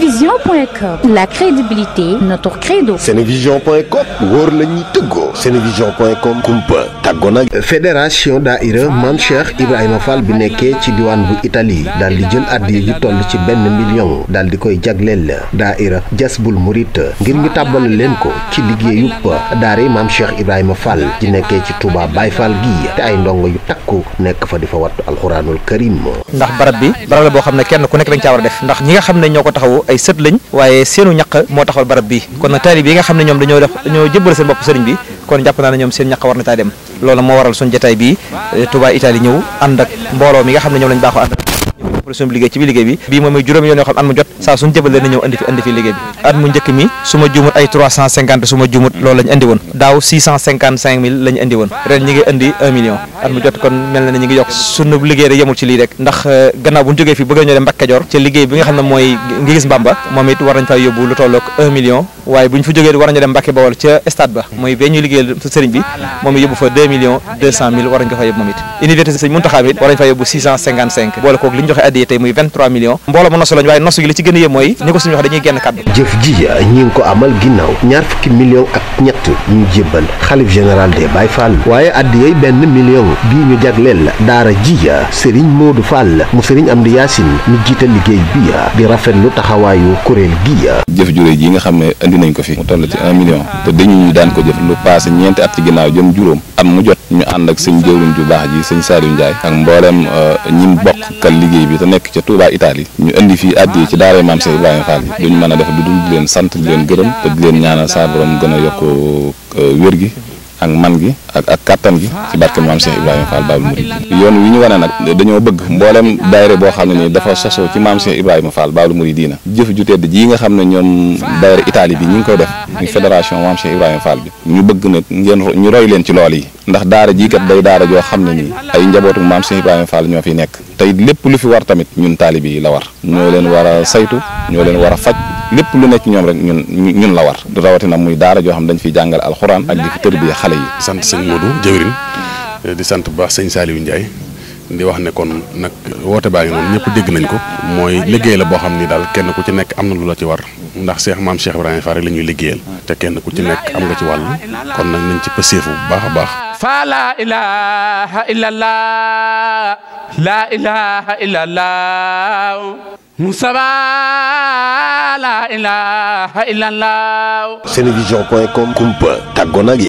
vision.com la crédibilité notre credo. Senevision.com wóor Togo. C'est une Senevision.com kumpa. tàggoo nag fédération daaira Maam Cheikh Ibrahima Fall bi nekkee ci diwaan bu Italie daal di jël addiya ji toll ci benn million daal di koy jagleel daaira Jasbul Murit ngir ñu tàbbal leen ko ci liggéeyub daare Maam Cheikh Ibrahima Fall di nekkee ci Touba Baye Fall gii te ay ndongo yu takku nekk fa di fa wattu alxuraanul karim ndax barab bi barab la boo xam ne kenn ku nekk dañ caa a def ndax ñi nga xam ne ñoo ko taxawu ay sët lañ waaye seenu ñaq moo taxawal barab bi kon nag taalibe yi nga xam ne ñoom dañoo def ñoo jëbbal seen bopp sëriñ bi kon jàpp naa ne ñoom seen ñaq war na caa dem loolu moo waral suñ jotaay bii eh, Touba Italie ñëw ànd ak mbooloo mi nga xam ne ñoom lañ baaxoo ànd ak suñu liggéey ci bi liggéey bi bii na ñëw indi fi indi fi liggéey bi at mu njëkk mi su ma juumut ay 350 su ma juumut loolu lañ indi woon daaw 655 mille lañ indi woon ren ñi ngi indi 1 million at mu jot kon mel na ne ñi ngi yokk suñu liggéey rek yemul ci lii rek ndax eh, gannaaw bu ñu jógee fi bëgg ñoo dem Mbacke ci liggéey waye buñ fu joggé war nañu dem Mbacké Bawol ci stade ba moy bee ñuy liggéeyal sëriñ bi moom yobbu fa 2 millions 200 mille war nañu fa yobbu momit université sëriñ Muntaxa bi war nañu fa yobbu 655 bolé ko ak liñ joxé addiye tay moy 23 millions mbolo mo nosu lañ waye nosu gi li ci gëna yé moy mooy ko suñu wax dañuy genn kaddu jëf ji ya ñi ko amal ginnaw ñaar fukki millions ak ñett ñu jébbal khalif général des Baye Fall waaye addiyey ben million bi ñu jaglél daara ji ya sëriñ Modou Fall mu sëriñ Amdi Yassine ñu jité liggéey bi ya di rafetlu taxawayu kurel gi jëf jure ji nga xamné ne nañ ko fi mu toll ci un million te dañuy daan ko jëf lu passé ñeenti at ci ginnaaw jëm juróom at mu jot ñu ànd ak sëñ jëwriñ ju baax ji sëñ Saliou Ndiaye ak mbooleem euh, ñin bokk kal liggéey bi te nekk ca Touba Italie ñu indi fii addi ci daara maam Cheikh Ibrahima Fall yi duñ mën a def du dul di leen sant di leen gërëm te di leen ñaanal a borom gën a yokk euh, wér gi ak man gi ak ak kattan gi ci barke maam Cheikh Ibrahima Fall Babul Mouride yoon wi ñu wane nag dañoo bëgg mboolem daayira boo xam ne nii dafa sosoo ci maam Cheikh Ibrahima Fall Babul Mouride diina jëf ju tedd ji nga xam ne ñoom daayira Italie bi ñu ngi koy def ñu fédération maam Cheikh Ibrahima Fall bi ñu bëgg nag ngeen ñu roy leen ci lool yi ndax daara jii kat day daara joo xam ne nii ay njabootu maam Cheikh Ibrahima Fall ñoo fi nekk tey lépp lu fi war tamit ñun taalibe la war ñoo leen war a saytu ñoo leen war a faj lépp lu nekk ñoom rek ñun ñun la war rawatina muy daara joo xam dañ fiy jàngal alxuraan ak di fi tërbiya xale yi. sant sëñ Modou jëwriñ di sant bu baax saali Saliou Ndiaye di wax ne kon nag woote baa ngi noonu ñëpp dégg nañ ko. mooy liggéey la boo xam ni daal kenn ku ci nekk am na lu la ci war ndax Cheikh maam Cheikh Ibrahima Fall la ñuy liggéeyal. te kenn ku ci nekk am ci wàll kon nag nañ ci pëseefu bu baax a baax. fa la ilaha illallah la ilaha la ilaha illallah. senevision point com kumpa tàggoo na gi